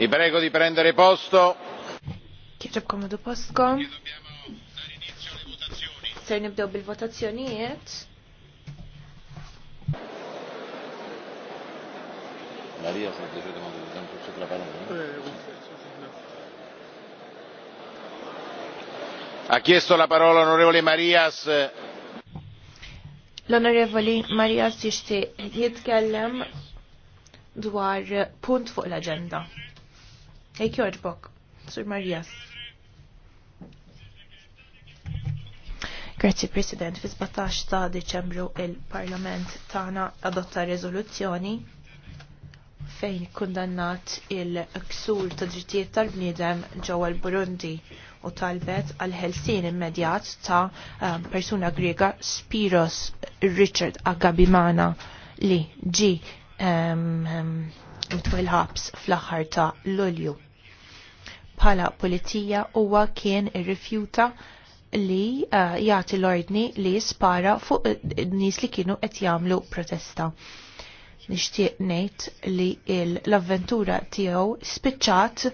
Vi prego di prendere posto. Kieġabkom posto. Se ne nibdew bil-votazzjonijiet. Maria, se ti cedo modo di tempo, c'è la parola. Ha chiesto la parola onorevole Marias. L-onorevoli Marias jishti jitkellem dwar punt fuq l-agenda. Hekk joġbok, Sur Marias. Grazie President, fi 17 ta' Deċembru il-Parlament tagħna adotta riżoluzzjoni fejn kundannat il-ksur ta' drittijiet tal-bniedem ġewwa l-Burundi u talbet għal ħelsien immedjat ta' eh, persuna grega Spiros Richard Agabimana li ġi um, um, ħabs fl-aħħar ta' Lulju bħala pulizija huwa kien irrifjuta li uh, jagħti l-ordni li jispara fuq eh, nies li kienu qed jagħmlu protesta. Nixtieq ngħid li l-avventura tiegħu spiċċat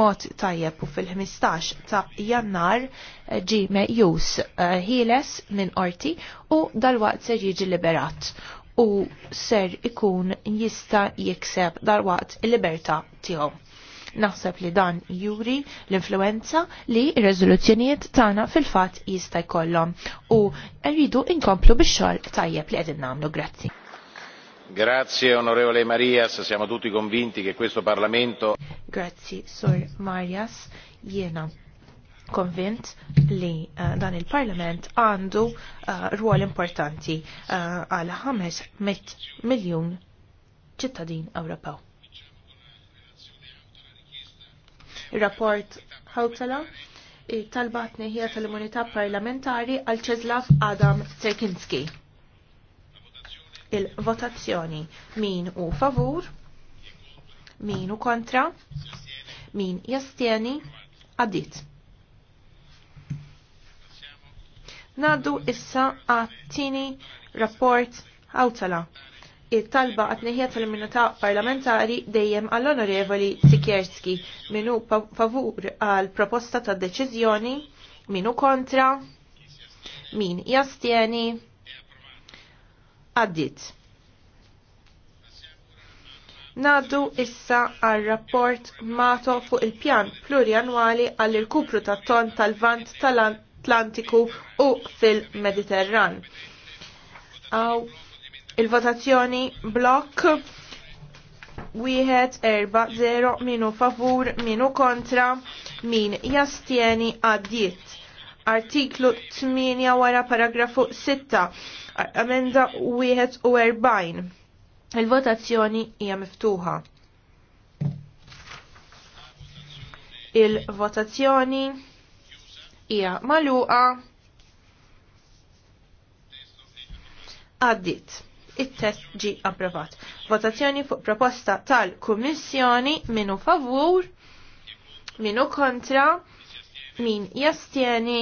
mod tajjeb u fil-15 ta' jannar eh, ġi meqjus ħieles minn orti u dalwaqt ser jiġi liberat u ser ikun jista' jikseb dalwaqt il-libertà tiegħu. Naħseb li dan juri l-influenza li r-rezoluzzjonijiet tagħna fil-fatt jista' jkollhom u rridu inkomplu bix-xogħol tajjeb li qegħdin nagħmlu. Grazzi. Grazie onorevole Marias, siamo tutti convinti che questo Parlamento Grazie Sor Marias, jiena konvint li uh, dan il-Parlament għandu uh, eh, ruol importanti eh, għal uh, 500 miljun ċittadin Ewropew. Il-rapport Hautala tal-baħt neħija tal-immunità parlamentari għal Ċeslav Adam Cerkinski. Il-votazzjoni min u favur, min u kontra, min jastjeni, għaddit. Naddu issa għattini rapport ħawtala it-talba għatneħja tal-minuta parlamentari dejjem għall-onorevoli Sikjerski minu favur għal proposta ta' deċizjoni, minu kontra, min jastieni, għaddit. Naddu issa għal rapport mato fuq il-pjan plurianwali għall irkupru ta' ton tal-vant tal-Atlantiku u fil-Mediterran. Aw, Il-votazzjoni blok wieħed erba' zero minu favur minu kontra min jastieni għaddiet. Artiklu 8 wara paragrafu 6 amenda wieħed u erbajn. Il-votazzjoni hija miftuħa. Il-votazzjoni hija maluqa għaddit it-test ġi approvat. Votazzjoni fuq proposta tal-Kummissjoni minu favur, minu kontra, min jastieni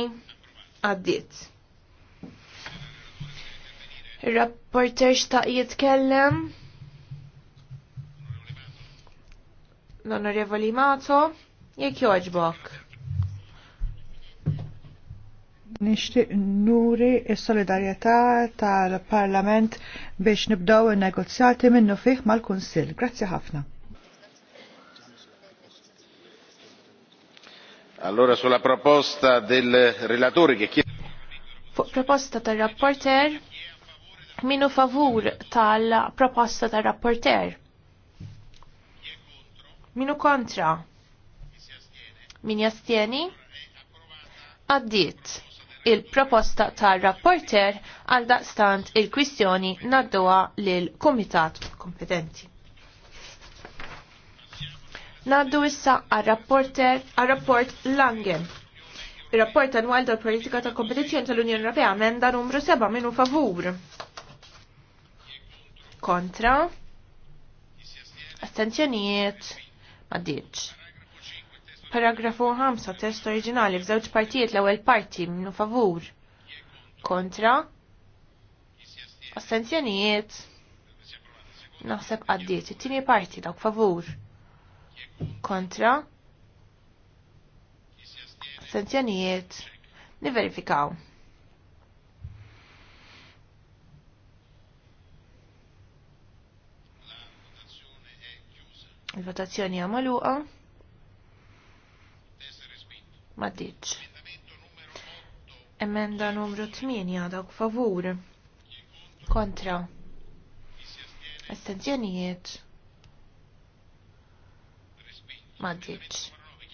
għaddit. Rapporter xtaq jitkellem. L-Onorevoli Mato, jek joġbok. Nixtieq nuri s-solidarjetà tal-Parlament biex nibdew il negozjati minnu fiħ mal-Kunsill. Grazzi ħafna. Allora sulla proposta del relatore che chiede Fuq proposta tal-rapporter minu favur tal-proposta tal-rapporter. Minu kontra. Min jastieni? Addit il-proposta tar rapporter għal daqstant il-kwistjoni naddoa lil kumitat kompetenti. Naddu issa għal rapporter għal rapport Langen. Il-rapport annwal tal politika tal kompetizzjoni tal-Unjoni Ewropea menda numru 7 minu favur. Kontra. Astenzjonijiet. Ma diċ. Paragrafu 5 test oriġinali f'żewġ partijiet l-ewwel parti minnu favur. Kontra. Astenzjonijiet. Naħseb għaddiet it-tieni parti dawk favur. Kontra. Astenzjonijiet. Niverifikaw. Il-votazzjoni għamaluqa. Maddiċ. Emenda numru 8 dak favur. Kontra. Astenzjonijiet. Maddiċ.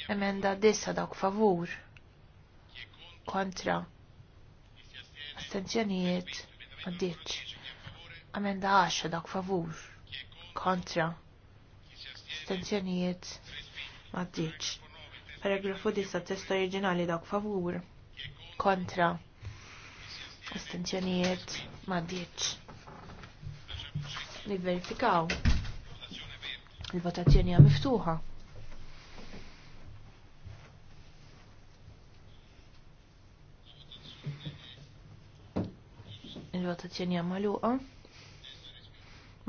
Emenda disa dak favur. Kontra. Astenzjonijiet. Maddiċ. Emenda 10 dak favur. Kontra. Astenzjonijiet. Maddiċ. Paragrafu 10 test oriġinali dawk favur. Kontra. Astenzjonijiet ma ditx. Niverifikaw. Il-votazzjoni għam miftuħa. Il-votazzjoni għam magħluqa.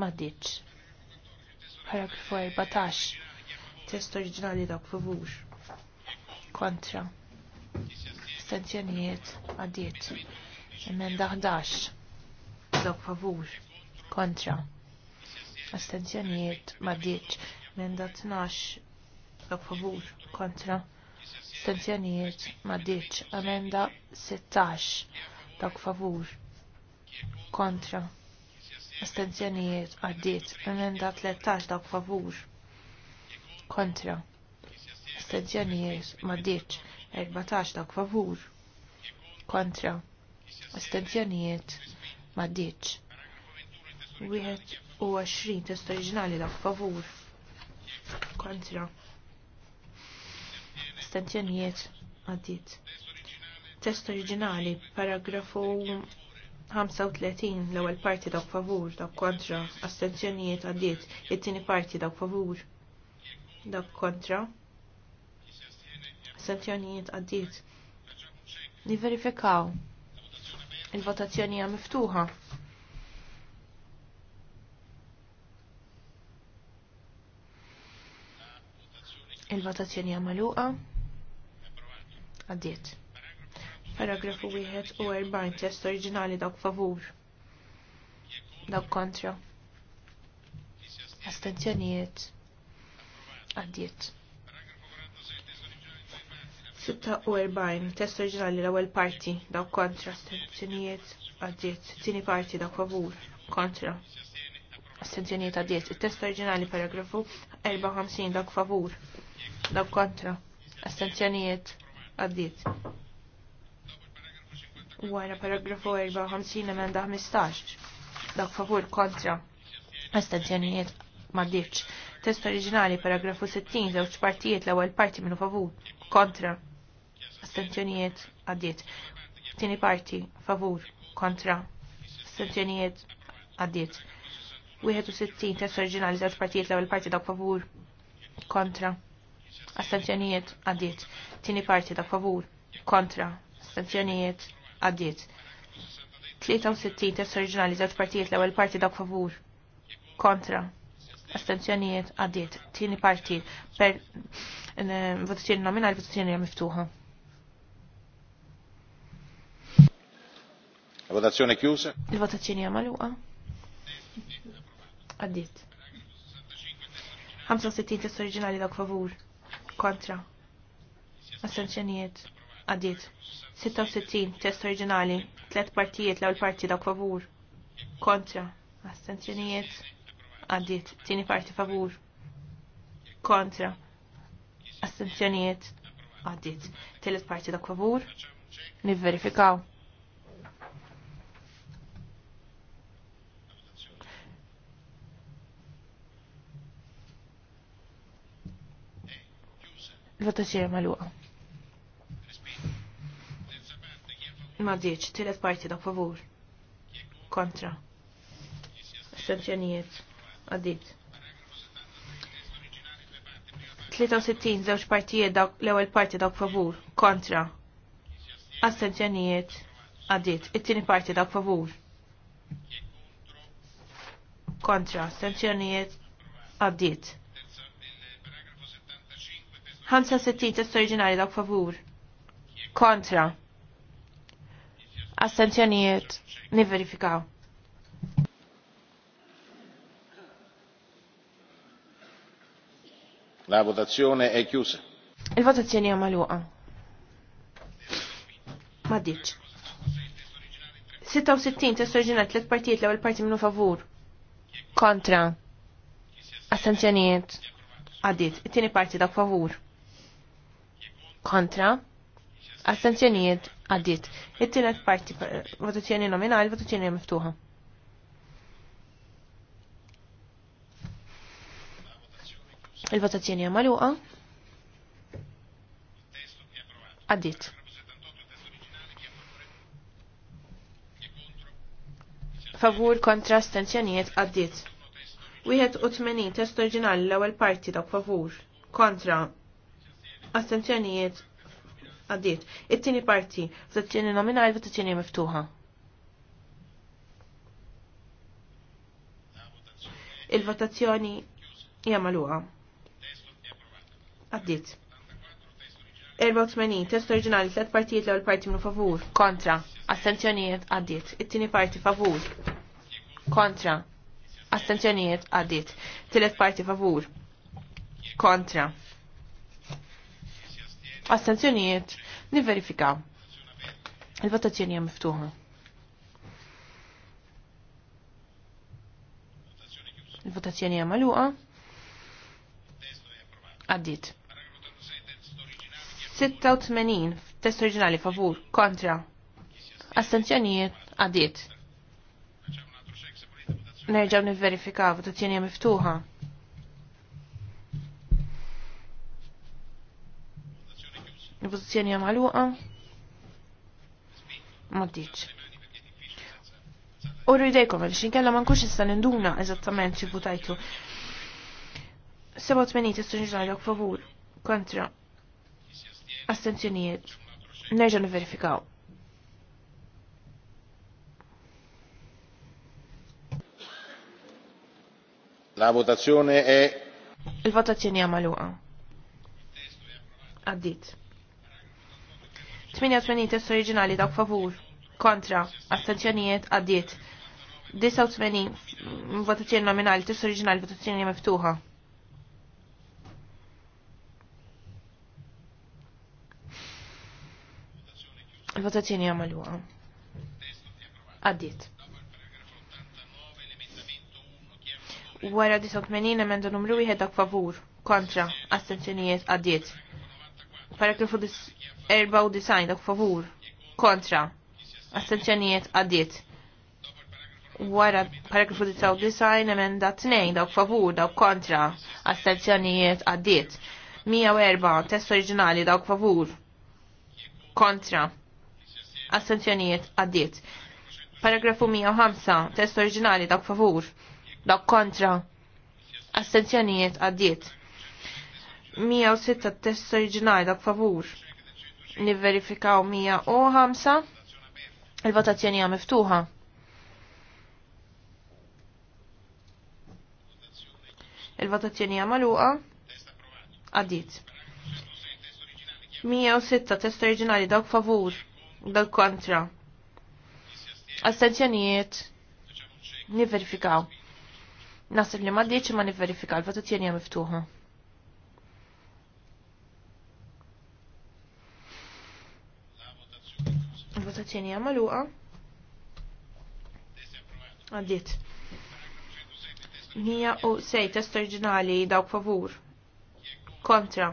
Ma ditx. Paragrafu 14. Test oriġinali dawk favur kontra astenzjonijiet għaddiet emenda 11 dok favur kontra astenzjonijiet maddiet emenda 12 dok favur kontra astenzjonijiet maddiet emenda 16 dok favur kontra astenzjonijiet għaddiet emenda 13 dawk favur kontra astenzjonijiet maddiċ erbatax dawk favur kontra Wieħed u għaxrin test oriġinali dawk favur kontra astenzjonijiet għaddit test oriġinali paragrafu 35 l-ewwel parti dawk favur, dawk kontra, astenzjonijiet għaddiet, it-tieni parti dawk favur, dawk kontra, Astenzjonijiet għaddiet. Niverifikaw. Il-votazzjoni hija miftuħa. Il-votazzjoni hija magħluqa. Għaddiet. Paragrafu wieħed u 40 test oriġinali dawk favur. Dawk kontra. Astenzjonijiet. Għaddiet. 46 test oriġinali l-ewwel parti daw kontra astenzjonijiet għaddiet, tieni parti daw favur kontra astenzjonijiet għaddiet. Il-test oriġinali paragrafu 54 daw favur daw kontra astenzjonijiet għaddiet. Wara paragrafu 54 emenda 15 daw favur kontra astenzjonijiet maddiċ. Test oriġinali paragrafu 60 żewġ partijiet l-ewwel parti minnu favur kontra astenzjonijiet għaddiet. Tieni parti favur kontra astenzjonijiet għaddiet. 61 test oriġinali żewġ partijiet l-ewwel parti dak favur kontra astenzjonijiet għaddiet. Tieni parti dak favur kontra astenzjonijiet għaddiet. 63 test oriġinali żewġ partijiet l-ewwel parti dak favur kontra astenzjonijiet għaddiet. Tieni parti per votazzjoni nominali votazzjoni miftuħa. Votazzjoni chiusa. Il-votazzjoni għamaluqa. Għaddit. 65 test originali dak favur. Kontra. Assenzioniet. Għaddit. 66 test oriġinali. Tlet partijiet l-ewwel parti da favur. Kontra. Astenzjonijiet. Għaddit. Tieni parti favur. Kontra. Astenzjonijiet. Għaddit. Telet parti dak favur. Nivverifikaw. verifikaw Votazzjoni maluqa. Ma diċ, tiret parti da favur. Kontra. Astenzjonijiet. Għaddit. 63 żewġ partijiet dawk l-ewwel parti dawk favur, kontra. Astenzjonijiet għaddiet, it-tieni parti dawk favur. Kontra, astenzjonijiet għaddiet. 65 test oriġinali dak favur. Kontra. Astenzjonijiet. Niverifikaw. La votazione è chiusa. il votazione è magħluqa. Ma ditx. 66 test oriġinali 3 partijiet l-ewwel parti minnu favur. Kontra. Astenzjonijiet. Għaddit. It-tieni parti dak favur kontra, astenzjonijiet għaddit. It-tielet parti votazzjoni nominali, votazzjoni miftuħa. Il-votazzjoni għamaluqa. Għaddit. Favur kontra astenzjonijiet għaddit. Wieħed u tmenin test oriġinali l-ewwel parti dak favur kontra Astenzjonijiet għaddit. It-tieni parti, votazzjoni nominali, votazzjoni miftuħa. Il-votazzjoni hija magħluqa. Għaddiet. 84, test oriġinali, tliet partijiet l-ewwel parti minnu favur, kontra, astenzjonijiet għaddiet. It-tieni parti favur, kontra, astenzjonijiet għaddiet. Tielet parti favur, kontra, Astenzjonijiet niverifikaw. Il-votazzjoni hija miftuħa. Il-votazzjoni hija magħluqa. Għaddiet. 86 f'test oriġinali favur kontra. Astenzjonijiet għaddiet. Nerġaw nivverifikaw votazzjoni hija miftuħa. Il-votazzjoni hija magħluqa. Ma tiġ. Urru id-dajkom, għal xinkella ma nkunx nista' induna eżattament xi votajtu. 87 istunġnajlok favur kontra astenzjonijiet. Nerġan verifikaw. La votazione è... Il votazione è Malua. Addit. 88 test oriġinali dak favur kontra astenzjonijiet għaddiet. 89 mm, votazzjoni nominali test oriġinali votazzjoni miftuħa. Il-votazzjoni għamaluqa. Għaddiet. Wara 89 emenda numru wieħed dak favur kontra astenzjonijiet għaddiet. Paragrafu 94 dak favur kontra assenzjonijiet għaddiet. Wara paragrafu disajn emenda 2 dak favur dak kontra astenzjonijiet għaddiet. 104 test oriġinali dak favur kontra assenzjonijiet għaddiet. Paragrafu 105 test oriġinali dak favur dak kontra Assenzjonijiet għaddiet 106 test oriġinali dak favur. Nivverifikaw 105 il-votazzjoni hija miftuħa. Il-votazzjoni hija magħluqa. Għaddiet. 106 test oriġinali dak favur, dawk kontra. Astenzjonijiet niverifikaw. Nasib li ma diċ ma niverifikaw, il-votazzjoni hija miftuħa. votazzjoni hija magħluqa. Għaddiet. sej test oriġinali dawk favur. Kontra.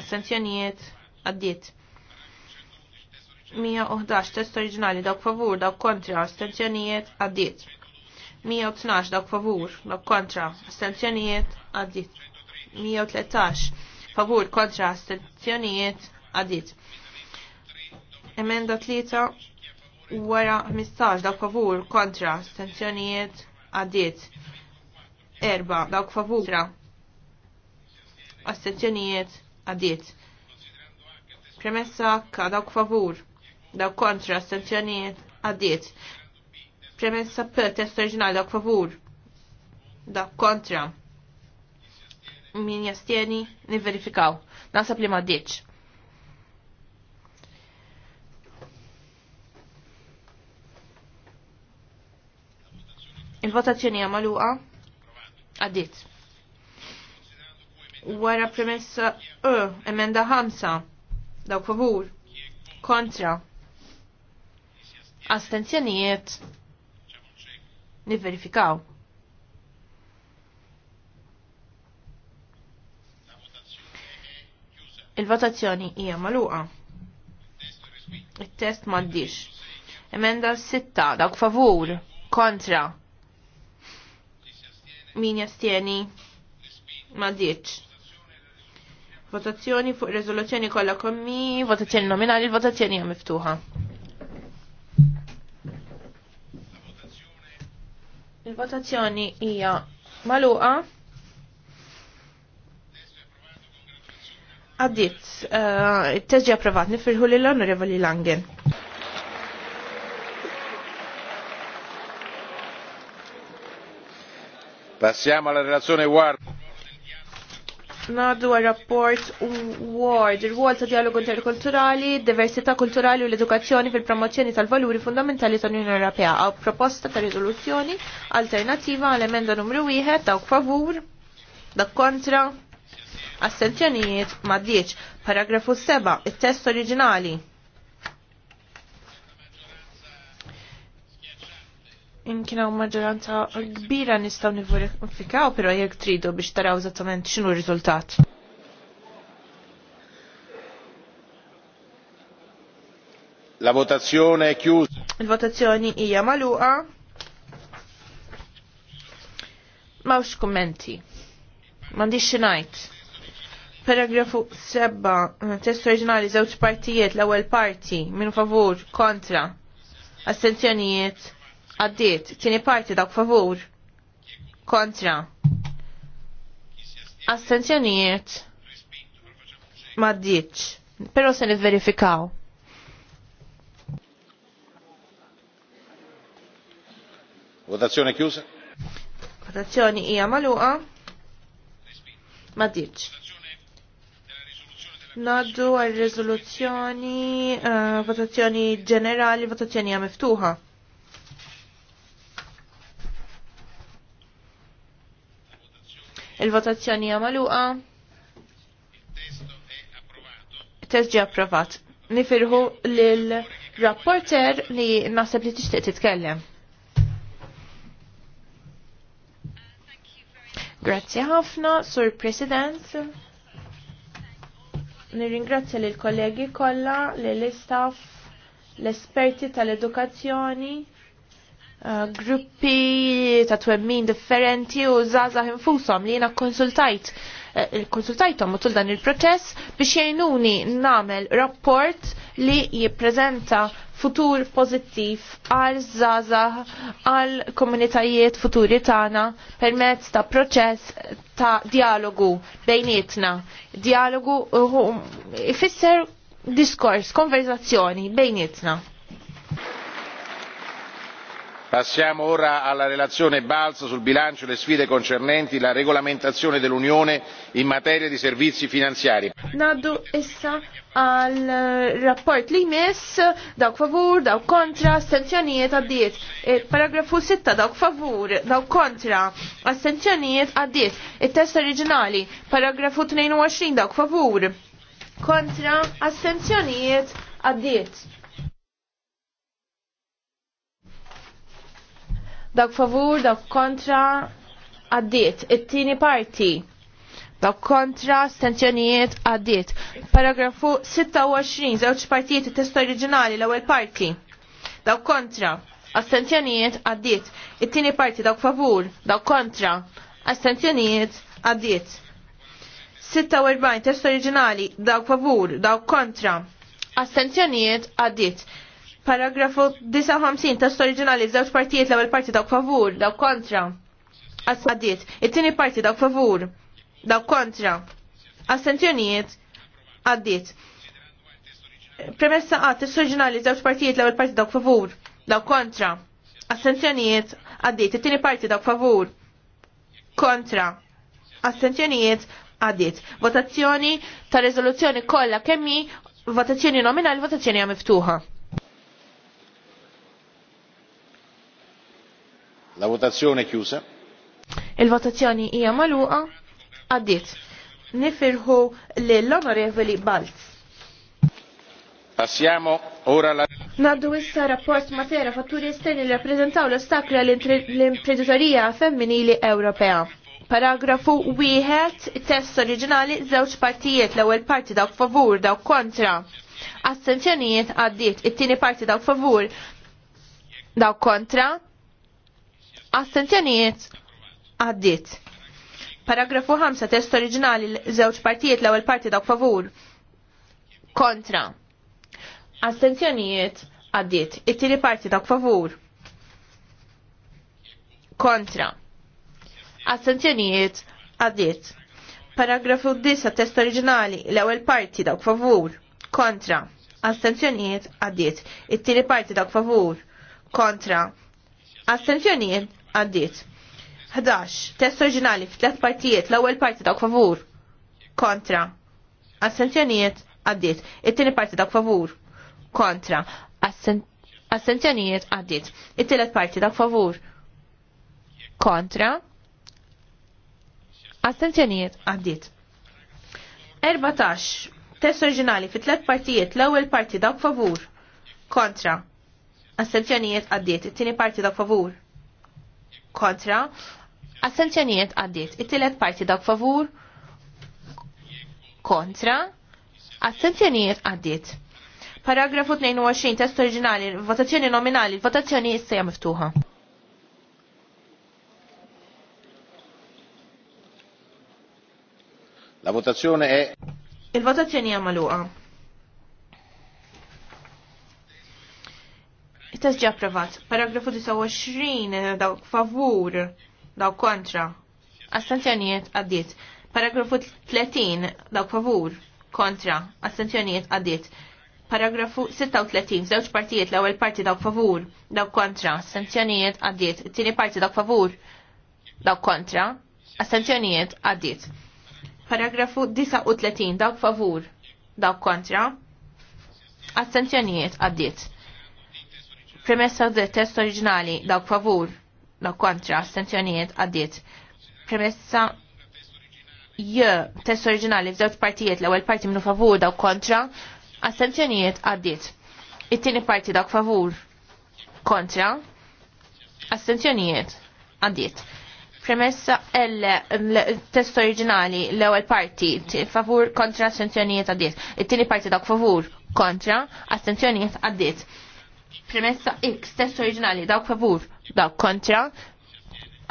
Astenzjonijiet għaddiet. uħdax test oriġinali dawk favur, dawk kontra, astenzjonijiet għaddiet. 112 dawk favur, dawk kontra, astenzjonijiet għaddiet. 113 favur kontra astenzjonijiet għaddiet. Emenda 3 wara 15 dawk favur kontra stenzjonijiet għaddiet. Erba dawk favur kontra astenzjonijiet għaddiet. Premessa ka dawk favur dawk kontra astenzjonijiet għaddiet. Premessa P test oriġinali dawk favur dawk kontra min jastieni niverifikaw. Nasab li ma Il-votazzjoni hija magħluqa. għaddit. Wara premessa u e, emenda ħamsa. Dawk favur. Kontra. Astenzjonijiet. Niverifikaw. Il-votazzjoni hija magħluqa. Il-test m'għaddix. Emenda 6 dawk favur kontra Min jastieni? Ma dieċ. Votazzjoni fuq rezoluzzjoni kollha kommi, votazzjoni nominali, votazzjoni hija miftuħa. Il-votazzjoni hija maluqa. Għaddit, uh, eh, it-teġi approvat nifirħu l-onorevoli Langen. Passiamo alla relazione Ward. Nadu rapport Ward, il-wol ta' dialogu interkulturali, diversità kulturali u l-edukazzjoni fil-promozzjoni tal-valuri fundamentali tal-Unjoni Ewropea. Għaw proposta ta' rizoluzzjoni alternativa għal emenda numru 1, dawk favur, dak kontra, assenzjonijiet ma' 10, paragrafu 7, il-test oriġinali. imkien hawn maġġoranza kbira nistgħu nivverifikaw, però jekk tridu biex taraw eżattament x'inhu r-riżultat. La votazione è chiusa. Il-votazzjoni hija magħluqa. Mawx kummenti. M'għandix xinajt. Paragrafu 7, test oriġinali żewġ partijiet, l-ewwel parti, minn favur, kontra, astenzjonijiet, għaddiet, tini parti dak favur, kontra, astenzjonijiet, ma ddiċ, pero se nivverifikaw. Votazzjoni chiusa. Votazzjoni hija maluqa. Ma ddiċ. Naddu għal rezoluzzjoni, uh, eh, votazzjoni ġenerali, votazzjoni hija miftuħa. Il-votazzjoni hija magħluqa. Test ġie approvat. Nifirħu l rapporter li naħseb li tixtieq titkellem. Grazzi ħafna, Sur President. Nirringrazzja lill kollegi kollha, lill istaff l-esperti tal-edukazzjoni Eh, gruppi ta' twemmin differenti u zazah infusom li jena konsultajt eh, konsultajtom u dan il-proċess biex jajnuni namel rapport li jipprezenta futur pozittiv għal zaza għal komunitajiet futuri tagħna permezz ta' proċess ta' dialogu bejnietna. Dialogu eh, ifisser diskors, konverzazzjoni bejnietna passiamo ora alla relazione balz sul bilancio e le sfide concernenti la regolamentazione dell'unione in materia di servizi finanziari. Nadu issa għal eh, rapport li jmess dawk favur, dawk kontra, astenzjonijiet għaddiet. E paragrafu 6 dawk favur, dawk kontra, astenzjonijiet għaddiet. Il-test e oriġinali, paragrafu 22 dawk favur, kontra, astenzjonijiet għaddiet. Dawk favur, dawk kontra, għaddiet. It-tieni parti. Dawk kontra, stenzjonijiet, għaddiet. Paragrafu 26, żewġ partijiet il-testo oriġinali l-ewwel parti. Dawk kontra, astenzjonijiet, għaddiet. It-tieni parti dawk favur, dawk kontra, astenzjonijiet, għaddiet. 46 test oriġinali dawk favur, dak kontra, astenzjonijiet, għaddiet. Paragrafu 59 ta' storiġinali, żewġ partijiet l-ewwel parti dawk favur, dawk kontra. Assadiet, it-tieni parti dawk favur, dawk kontra. assenzjonijiet għaddiet. Premessa għat t oriġinali żewġ partijiet l-ewwel parti dawk favur, dawk kontra. assenzjonijiet, għaddiet, it-tieni parti dawk favur, kontra. assenzjonijiet għaddiet. Votazzjoni ta' rezoluzzjoni kollha kemmi votazzjoni nominali, votazzjoni miftuħa. La votazione è chiusa. Il-votazzjoni hija magħluqa għaddiet. Nifirħu lill-Onorevoli Balz. Passiamo ora alla... Naddu issa rapport matera fatturi esterni li rappresentaw l-ostakli l-imprenditorija femminili Ewropea. Paragrafu wieħed test oriġinali żewġ partijiet l-ewwel parti dawk favur dawk kontra. Astenzjonijiet għaddiet it-tieni parti dawk favur dawk kontra Astenzjonijiet għaddit. Paragrafu 5 test oriġinali żewġ partijiet l-ewwel parti dawk favur. Kontra. Assenzjoniet għaddit. It-tieni parti dawk favur. Kontra. Astenzjonijiet għaddit. Paragrafu 10 test oriġinali l-ewwel parti dawk favur. Kontra. Assenzjoniet għaddit. It-tieni parti dawk favur. Kontra. Assenzjoniet għaddiet. 11. Test oriġinali f'tlet partijiet, l-ewwel parti dawk favur. Kontra. Assenzjonijiet għaddiet. It-tieni parti dawk favur. Kontra. Assenzjonijiet għaddiet. It-tielet parti dawk favur. Kontra. Assenzjonijiet għaddiet. 14. Test oriġinali fit-tlet partijiet, l-ewwel parti dawk favur. Kontra. Assenzjonijiet għaddiet. It-tieni parti dawk favur kontra, assenzjonijiet għaddiet. It-tielet parti dak favur, kontra, assenzjonijiet għaddit. Paragrafu 22, test oriġinali, votazzjoni nominali, votazzjoni issa miftuħa. La votazione è... Il votazione è maluqa. Il-test ġi approvat. Paragrafu 29 eh, daw favur daw kontra. Astenzjonijiet għaddit. Paragrafu 30 daw favur kontra. Astenzjonijiet għaddit. Paragrafu 36, żewġ partijiet, l-ewwel parti dawk favur, dawk kontra, astenzjonijiet għaddit. it-tieni parti daw favur, daw kontra, astenzjonijiet għaddit. Paragrafu 39, daw favur, daw kontra, astenzjonijiet għaddiet. Premessa d test oriġinali dawk favur, dawk kontra, astenzjonijiet għaddiet. Premessa j test oriġinali f'żewġ partijiet l-ewwel parti minnu favur dawk kontra, astenzjonijiet għaddiet. It-tieni parti dawk favur kontra, astenzjonijiet għaddiet. Premessa l-test oriġinali l-ewwel parti favur kontra astenzjonijiet għaddiet. It-tieni parti dawk favur kontra, astenzjonijiet għaddiet Premessa X, test oriġinali, dawk favur, dawk kontra,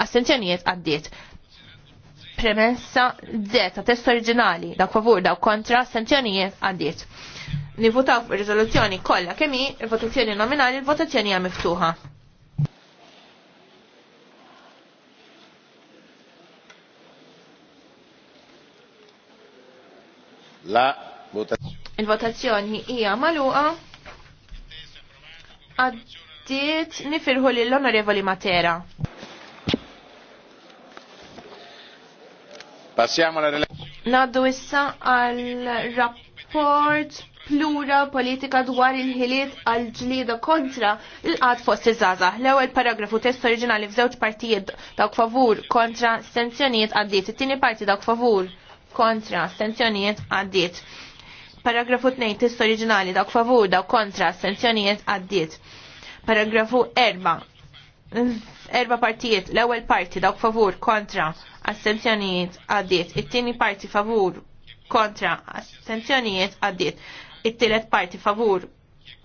assenzjonijiet għaddiet. Premessa Z, test oriġinali, dawk favur, dawk kontra, assenzjonijiet għaddiet. Nivutaw fuq ir-riżoluzzjoni kollha kemm hi, votazzjoni nominali, votazzjoni hija miftuħa. La votazzjoni. Il-votazzjoni hija magħluqa. Għaddiet nifirħu lill-Onorevoli Matera. Passiamo alla relazione. Naddu issa għal rapport plura politika dwar il-ħiliet għal ġlida kontra il-qad fost iż-żaza. L-ewwel paragrafu test oriġinali f'żewġ partijiet dawk favur kontra stenzjonijiet għaddiet, it-tieni parti dawk favur kontra stenzjonijiet għaddiet. Paragrafu 2 test oriġinali dak favur dak kontra assenzjonijiet għaddiet. Paragrafu 4 erba partijiet, l-ewwel parti dawk favur kontra assenzjonijiet għaddiet, it-tieni parti favur kontra assenzjonijiet għaddiet, it-tielet parti favur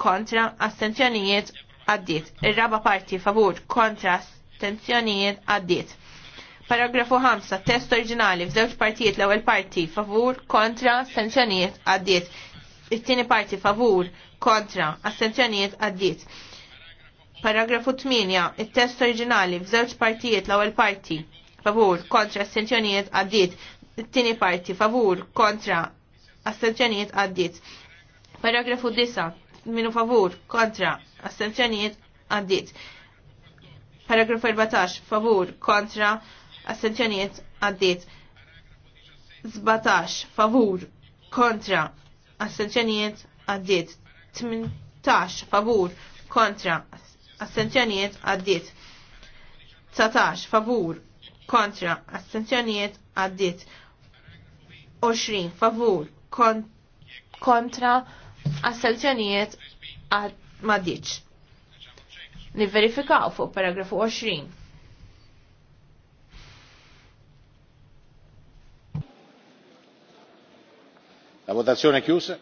kontra assenzjonijiet għaddiet, ir-raba parti favur kontra assenzjonijiet għaddiet. Paragrafu 5, test oriġinali f'żewġ partijiet l-ewwel parti favur kontra astenzjonijiet għaddiet. It-tieni parti favur kontra astenzjonijiet għaddiet. Paragrafu 8, it-test oriġinali f'żewġ partijiet l-ewwel parti favur kontra astenzjonijiet għaddiet. It-tieni parti favur kontra astenzjonijiet għaddiet. Paragrafu 9, minu favur kontra astenzjonijiet għaddiet. Paragrafu 14, favur kontra astenzjonijiet Assenzjonijiet għaddiet. 17 favur kontra assenzjonijiet għaddiet. 18 favur kontra assenzjonijiet għaddiet. 19 favur kontra assenzjonijiet għaddiet. 20 favur kon kontra assenzjonijiet għaddiet. Niverifikaw fuq paragrafu 20. La votazzjoni chiusa.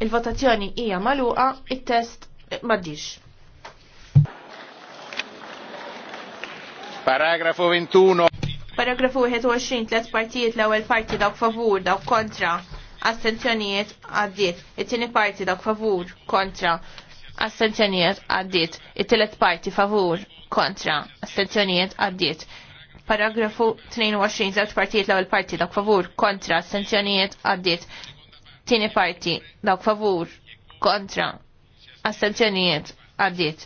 Il-votazzjoni hija maluqa, it-test m'għaddix. Paragrafu 21. Paragrafu 21, tlet partijiet l-ewwel parti dawk favur, dawk kontra, astenzjonijiet għaddiet. It-tieni parti dawk favur, kontra, astenzjonijiet għaddiet. It-tielet parti favur, kontra, astenzjonijiet għaddiet. Paragrafu 22, żewġ partijiet l-ewwel parti dawk favur, kontra, astenzjonijiet għaddiet. Tieni parti, dawk favur, kontra, astenzjonijiet, għaddiet.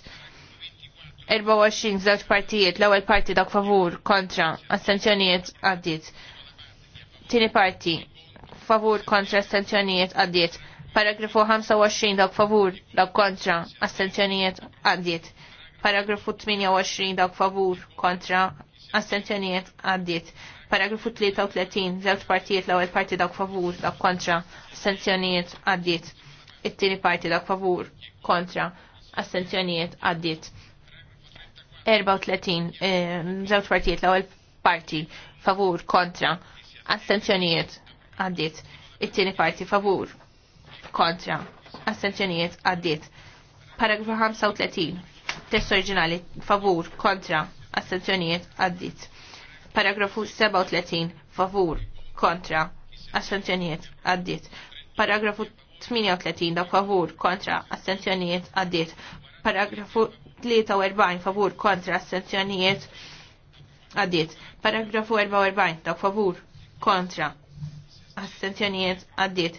24 żewġ partijiet, l-ewwel parti dawk favur, kontra, astenzjonijiet, għaddit. Tieni parti, favur, kontra, astenzjonijiet, għaddiet. Paragrafu 25 dawk favur, dawk kontra, astenzjonijiet, għaddit. Paragrafu 28 dawk favur, kontra, astenzjonijiet, għaddit. Paragrafu 33, żewġ partijiet l-ewwel parti dawk favur, dak kontra, assenzjonijiet għaddiet. It-tieni parti dak favur, kontra, assenzjonijiet għaddiet. 34, eh, żewġ partijiet l-ewwel parti favur, kontra, assenzjonijiet għaddiet. It-tieni parti favur, kontra, assenzjonijiet għaddiet. Paragrafu 35, test oriġinali favur, kontra, assenzjonijiet għaddiet Paragrafu 37 favur kontra astenzjonijiet għaddiet. Paragrafu 38 da favur kontra astenzjonijiet għaddiet. Paragrafu 43 favur kontra astenzjonijiet għaddiet. Paragrafu 44 da favur kontra astenzjonijiet għaddiet.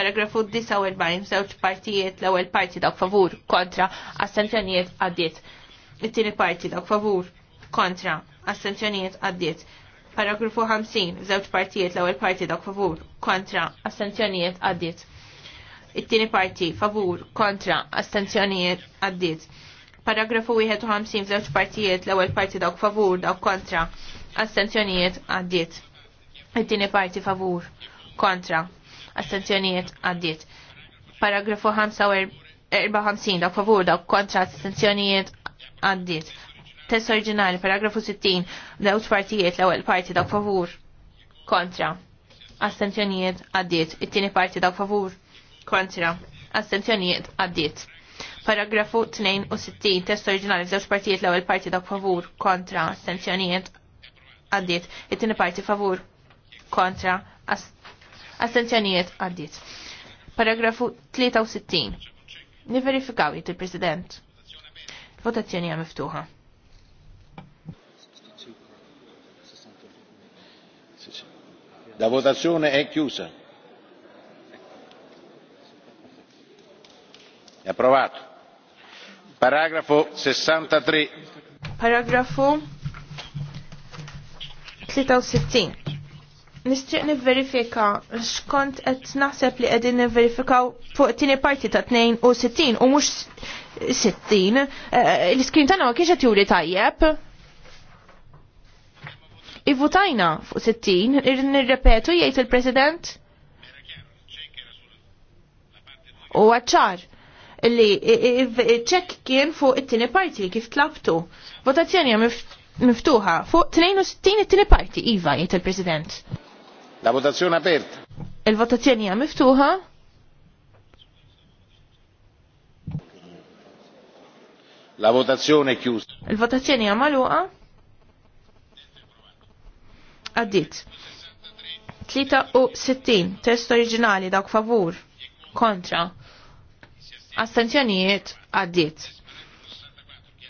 Paragrafu 49 żewġ partijiet l-ewwel parti dak favur kontra astenzjonijiet għaddiet. It-tieni parti dak favur kontra assenzjonijiet għaddiet. Paragrafu 50, żewġ partijiet l-ewwel parti dak favur kontra assenzjonijiet għaddiet. It-tieni parti favur kontra assenzjonijiet għaddiet. Paragrafu 51, żewġ partijiet l-ewwel parti dak favur dak kontra assenzjonijiet għaddiet. It-tieni parti favur kontra assenzjonijiet għaddiet. Paragrafu 54 dak favur dak kontra assenzjonijiet għaddiet test oriġinali, paragrafu 60, dawt partijiet l-ewwel parti dak favur kontra. Astenzjonijiet għaddiet, it-tieni parti dak favur kontra. Astenzjonijiet għaddiet. Paragrafu 62, test oriġinali f'żewġ partijiet l-ewwel parti dak favur kontra. Astenzjonijiet għaddiet, it-tieni parti favur kontra. Astenzjonijiet għaddiet. Paragrafu 63. Niverifikaw jitt il-President. Votazzjoni għamiftuħa. miftuħa. La votazione è chiusa. È approvato. Paragrafo 63. Paragrafu 63. Nistriq nivverifika xkont qed naħseb li qegħdin nivverifikaw fuq tieni parti ta' 62 u mhux 60. Eh, L-iskrin tagħna ma kienx qed juri tajjeb. Ivvutajna fuq 60, nirrepetu jgħid il-President? U għacċar li ċek kien fuq it-tini parti kif tlabtu. Votazzjoni miftuħa fuq 62 it-tini parti, Iva, jgħid il-President. La votazzjoni aperta. Il-votazzjoni hija miftuħa. La votazzjoni è chiusa. Il votazzjoni hija magħluqa għaddit. 63 test oriġinali dawk favur kontra astenzjonijiet għaddit.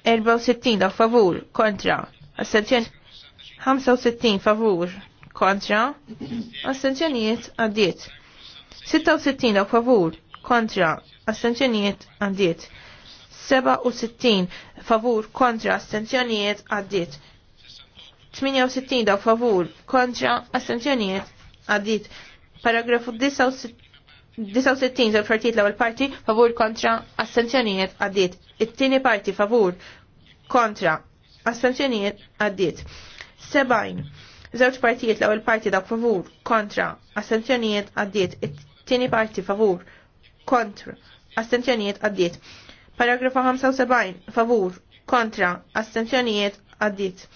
64 dawk favur kontra astenzjonijiet 65 favur kontra astenzjonijiet għaddit. 66 dawk favur kontra astenzjonijiet għaddit. 67 favur kontra astenzjonijiet għaddit. 68 daw favur kontra astenzjonijiet għaddit. Paragrafu 69 tal partit l-ewwel parti favur kontra astenzjonijiet għaddit. It-tieni parti favur kontra astenzjonijiet għaddit. 70. Żewġ partijiet l-ewwel parti dak favur kontra astenzjonijiet għaddiet. It-tieni parti favur kontra astenzjonijiet għaddiet. Paragrafu 75 favur kontra astenzjonijiet għaddiet.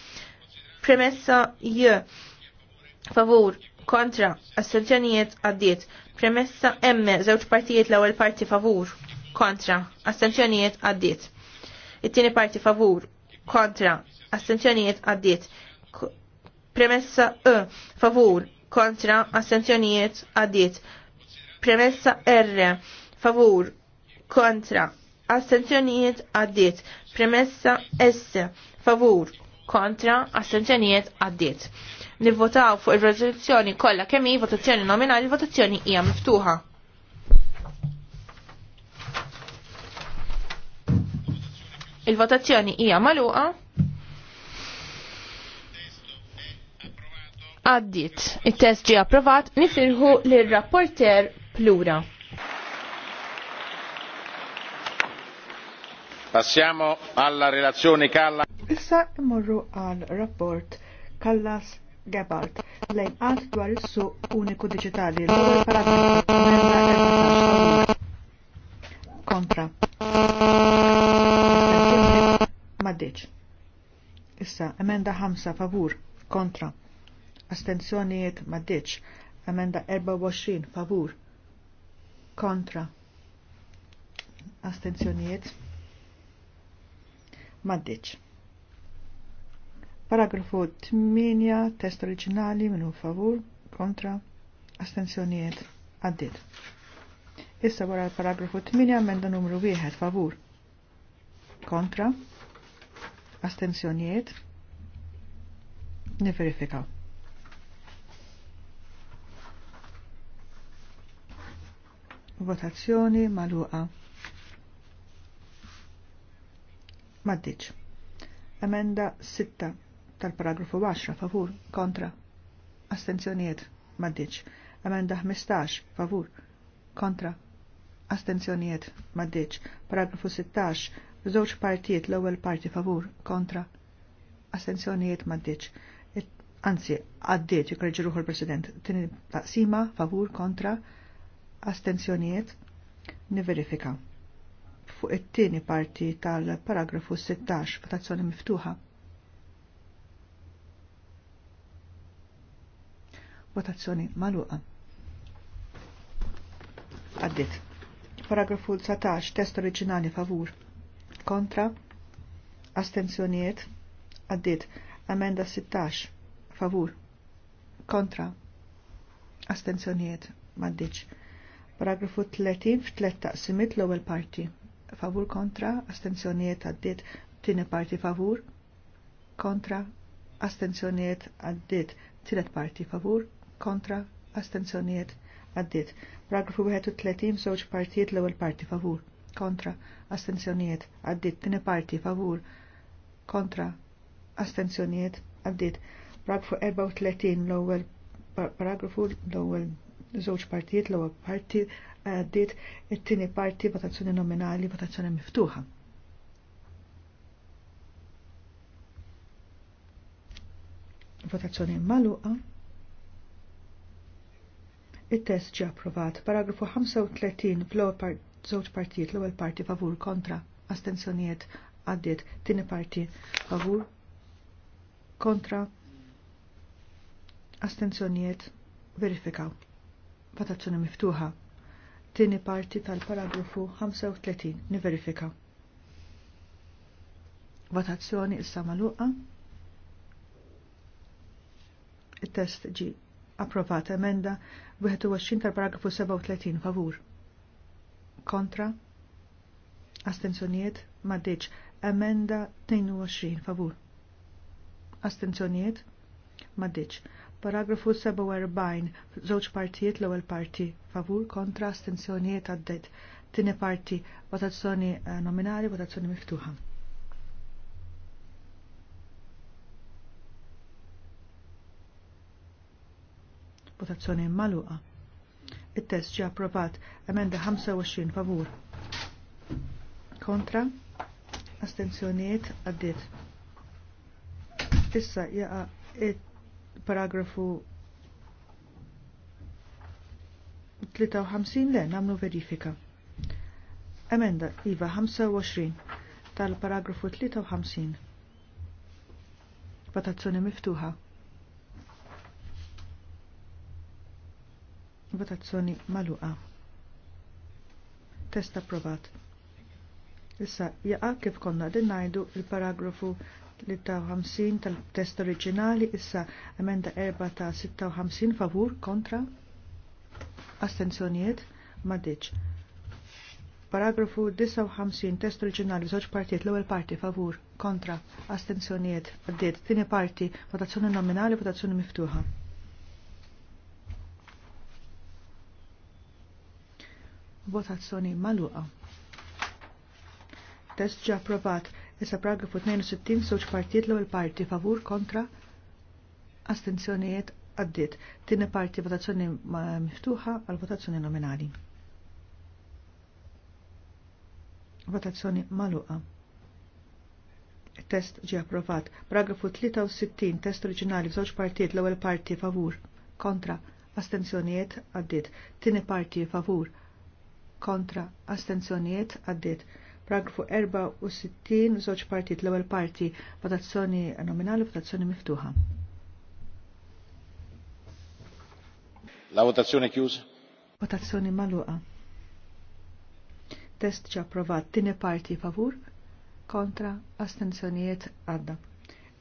Premessa J. Favur kontra assenzjonijiet għaddiet. Premessa M. Żewġ partijiet l-ewwel parti favur kontra astenzjonijiet għaddiet. It-tieni parti favur kontra assenzjonijiet għaddiet. Premessa E. Favur kontra assenzjonijiet għaddiet. Premessa R. Favur kontra assenzjonijiet għaddiet. Premessa S. Favur kontra assenzjonijiet għaddiet. Nivvotaw fuq il-rezoluzzjoni kollha kemm hi votazzjoni nominali votazzjoni hija miftuħa. Il-votazzjoni hija magħluqa. Għaddiet. Il-test ġie approvat nifirħu lir-rapporter Plura. Passiamo alla relazione Calla. Issa immorru għal rapport Kallas Gebart lejn għad dwar is-suq uniku diġitali kontra. Maddiċ. Issa, emenda 5 favur kontra. Astenzjonijiet maddiċ. Emenda 24 favur kontra. Astenzjonijiet maddiċ Paragrafu 8, test oriġinali minu favur, kontra, astensjonijiet, għaddit. Issa wara l-paragrafu 8, emenda numru 1, favur, kontra, astensjonijiet, niverifikaw. Votazzjoni maluqa. Maddiċ. Emenda 6 tal-paragrafu 10 favur kontra Astenzjoniet, maddiċ. Emenda 15 favur kontra Astenzjoniet, maddiċ. Paragrafu 16 żewġ partijiet l-ewwel parti favur kontra Astenzjoniet, maddiċ. Anzi, għaddiet jikreġi ruħu l-President. Tini taqsima favur kontra astenzjoniet, niverifika fuq it-tieni parti tal-paragrafu 16 votazzjoni miftuħa. Votazzjoni maluqa. Għaddit. Paragrafu 19, test oriġinali favur. Kontra. Astenzjonijiet. Għaddit. Amenda 16. Favur. Kontra. Astenzjonijiet. Maddiċ. Paragrafu 30 f'tlet taqsimiet l-ewwel parti. Favur kontra, astenzjonijiet addit, Tini parti favur, kontra, astenzjonijiet għaddiet, tielet parti favur, kontra astenzjoniet għaddit. Paragrafu 31 żewġ partijiet l-ewwel parti favur kontra astenzjoniet għaddit. Tieni parti favur kontra astenzjoniet għaddit. Paragrafu 34 l-ewwel paragrafu l-ewwel żewġ partijiet l-ewwel parti għaddit. it-tieni parti votazzjoni nominali votazzjoni miftuħa. votazzjoni maluqa Il-test ġi approvat. Paragrafu 35 fl żewġ partijiet l-ewwel parti favur kontra astensjonijiet għaddiet tini parti favur kontra astensjonijiet verifikaw. Votazzjoni miftuħa. Tieni parti tal-paragrafu 35 niverifikaw. Votazzjoni issa magħluqa. Il-test ġi Approvata emenda 21 tal-paragrafu 37 favur. Kontra. Astenzjoniet maddiċ. Emenda 22 favur. Astenzjoniet maddiċ. Paragrafu 47 żewġ partijiet l-ewwel parti favur kontra astenzjonijiet għaddet. Tini parti votazzjoni eh, nominali, votazzjoni miftuħa. votazzjoni maluqa. Il-test ġi approvat emenda 25 favur. Kontra, astenzjoniet għaddit. Issa jaqa paragrafu 53 le namlu verifika. Emenda Iva 25 tal-paragrafu 53. Votazzjoni miftuħa. Votazzjoni maluqa. Test approvat. Issa jaqa kif konna dinajdu ngħidu il-paragrafu 50 tal-test oriġinali issa emenda 4 ta' 56 favur kontra astenzjonijiet diċ. Paragrafu 59 test oriġinali żewġ partijiet l-ewwel parti favur kontra astenzjonijiet għaddiet tieni parti votazzjoni nominali votazzjoni miftuħa. Votazzjoni maluqa. Test ġa approvat. Issa paragrafu 62 soċ partijiet l-ewwel parti favur kontra astenzjonijiet għaddiet. Tieni parti votazzjoni miftuħa għal votazzjoni nominali. Votazzjoni maluqa. Test ġie approvat. Paragrafu 63 test oriġinali f'żewġ partijiet l-ewwel parti favur kontra astenzjonijiet għaddiet. Tieni parti favur kontra astenzjonijiet għaddiet. Paragrafu 64 żewġ partit l-ewwel parti votazzjoni nominali votazzjoni miftuħa. La votazzjoni chiusa. Votazzjoni magħluqa. Test ġa approvat tieni parti favur kontra astenzjonijiet għadda.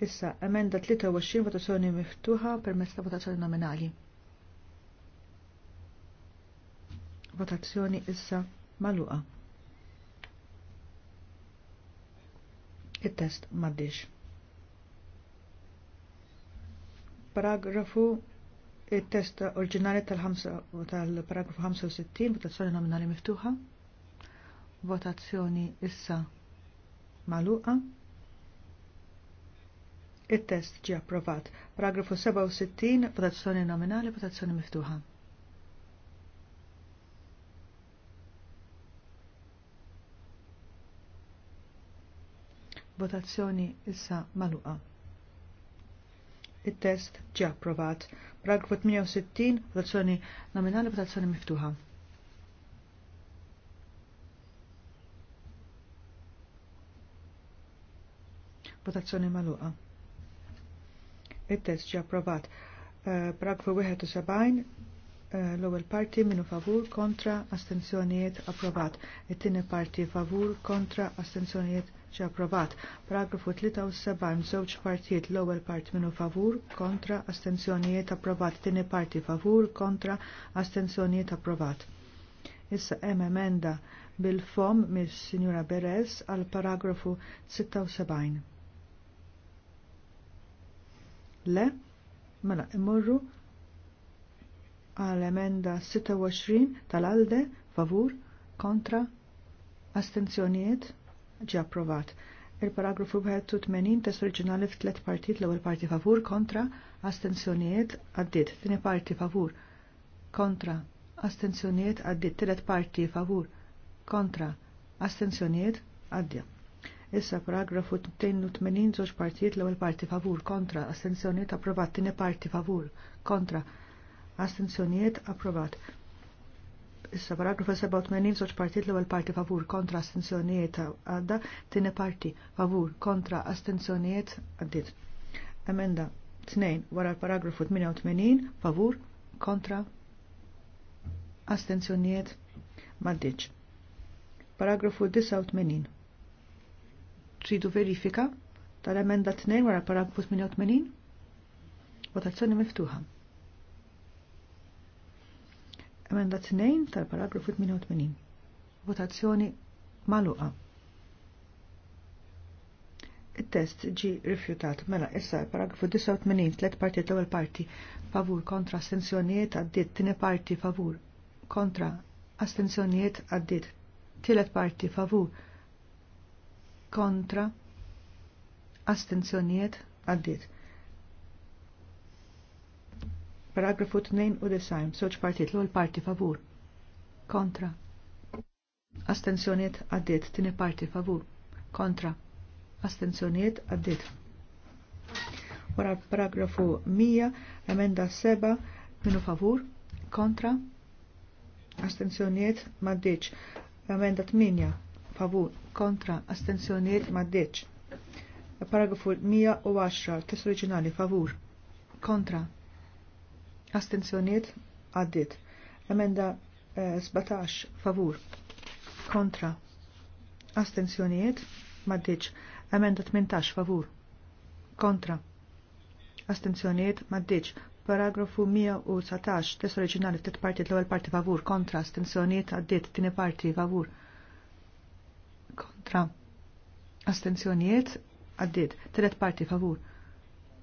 Issa emenda 23 votazzjoni miftuħa permezz ta' votazzjoni nominali. votazzjoni issa maluqa. Il-test maddix. Paragrafu il-test oriġinali tal-paragrafu 65, votazzjoni nominali miftuħa. Votazzjoni issa maluqa. Il-test ġi approvat. Paragrafu 67, votazzjoni nominali, votazzjoni miftuħa. Votazzjoni issa maluqa. Il-test ġa approvat. Paragrafu 160, votazzjoni nominali, votazzjoni miftuħa. Votazzjoni maluqa. Il-test ġa approvat. Eh, paragrafu 71, eh, l-ewwel parti minu favur kontra astenzjonijiet approvat. It-tieni parti favur kontra astenzjonijiet approvat ġa approvat. Paragrafu 73 żewġ partijiet l-ewwel parti minnu favur kontra astenzjonijiet approvat. Tieni parti favur kontra astenzjonijiet approvat. Issa hemm emenda bil-fom mis-Sinjura Beres għal paragrafu 76. Le, mela imorru għal emenda 26 tal-alde favur kontra astenzjonijiet ġi approvat. Il-paragrafu 81 test oriġinali f'tlet partit l-ewwel parti favur kontra astensjonijiet għaddiet, tieni parti favur kontra astensjonijiet għaddiet, tielet parti favur kontra astensjonijiet għaddiet. Issa paragrafu 82 żewġ partijiet l-ewwel parti favur kontra astensjonijiet approvat, tieni parti favur kontra astensjonijiet approvat. Issa paragrafu 87 żewġ partit l ewel parti favur kontra astenzjonijiet għadda, tini parti favur kontra astenzjonijiet għaddit. Emenda 2 wara l-paragrafu 88 favur kontra astenzjonijiet m'għaddiġ. Paragrafu 89. Tridu verifika tal-emenda 2 wara l-paragrafu 88? Votazzjoni miftuħa. Emenda 2 tal-paragrafu 88. Votazzjoni maluqa. Il-test ġi rifjutat mela issa paragrafu 89 tlet parti l-ewwel parti favur kontra astensjonijiet għaddit tieni parti favur kontra astenzjonijiet għaddit tielet parti favur kontra astenzjonijiet għaddiet. Paragrafu u desajn, soċ partit l parti favur. Kontra. Astenzjoniet għaddit, tini parti favur. Kontra. Astenzjoniet għaddit. Wara paragrafu 100, emenda 7, minu favur. Kontra. Astenzjoniet maddiċ. Emenda 8, favur. Kontra. Astenzjoniet maddiċ. Paragrafu 110, test oriġinali favur. Kontra astenzjoniet għaddit. Emenda 17 eh, favur kontra astenzjoniet maddiċ. Emenda 18 favur kontra astenzjoniet maddiċ. Paragrafu 117, test oriġinali ftit parti l-ewwel parti favur kontra astenzjonijiet għaddiet tieni parti favur kontra astenzjonijiet għaddiet tielet parti favur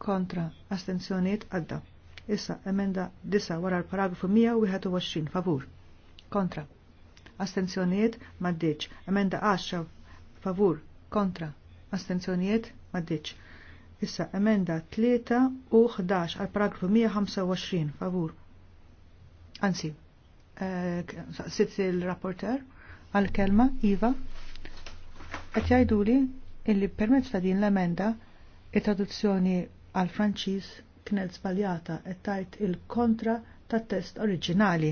kontra astenzjonijiet għadda. Issa emenda 9 wara l-paragrafu 121 favur. Kontra. Astenzjonijiet maddiċ. Emenda 10 favur. Kontra. Astenzjonijiet maddiċ. Issa emenda 3 u 11 għal paragrafu 125 favur. Anzi, sitt il-rapporter għal-kelma Iva qed jgħiduli illi permezz ta' din l-emenda it-traduzzjoni għal-Franċiż kienet żbaljata qed tajt il-kontra tat-test oriġinali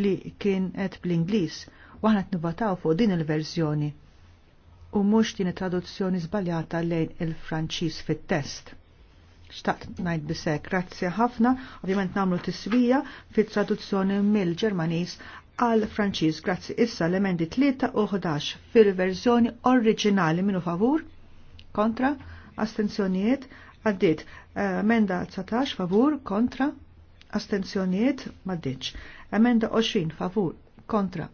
li kien qed bl-Ingliż u aħna qed fuq din il-verżjoni u mhux din it-traduzzjoni żbaljata lejn il-Franċiż fit-test xtaqt najt bisek, grazzi ħafna, ovvjament namlu tiswija fit traduzzjoni mill-Ġermanis għal Franċiż, grazzi issa l-emendi 3 u 11 fil-verżjoni oriġinali minu favur, kontra, astenzjonijiet, Għaddit, eh, emenda 19 favur kontra astenzjonijiet maddiċ. Emenda 20 favur kontra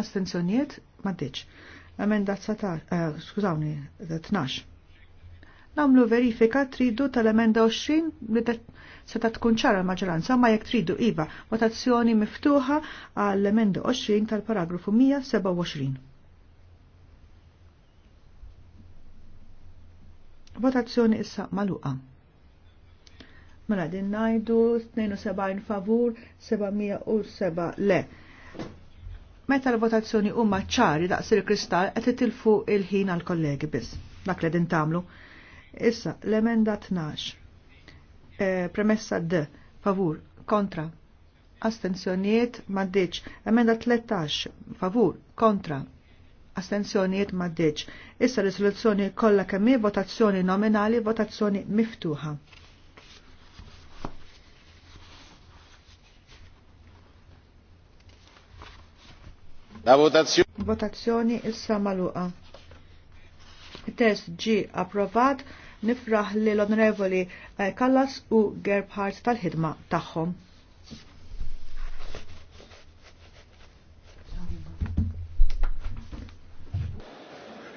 astenzjoniet maddiċ. Emenda 19, eh, skużawni, 12. Namlu verifika tridu tal-emenda 20 li seta tkun ċara l-maġġoranza ma jekk tridu iva votazzjoni miftuħa għall-emenda 20 tal-paragrafu 127. Votazzjoni issa maluqa. Mela din najdu 72 favur, 707 le. Meta l-votazzjoni huma ċari daqs il-kristall qed titilfu il-ħin għal kollegi biss. Dak li din tagħmlu. Issa l-emenda 12. E, premessa D. Favur. Kontra. Astenzjonijiet maddiċ. Emenda 13. Favur. Kontra astenzjonijiet maddeċ. Issa risoluzzjoni kollha kemm votazzjoni nominali, votazzjoni miftuħa. La votazzjoni. Votazzjoni issa maluqa. Test G approvat nifraħ li l-onorevoli eh, Kallas u Gerbhardt tal-ħidma tagħhom.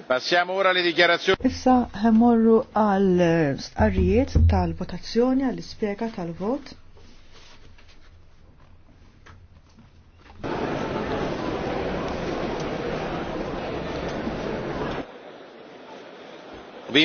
Passiamo ora alle dichiarazioni. Issa morru għal arriet tal-votazzjoni għall-ispjega tal-vot.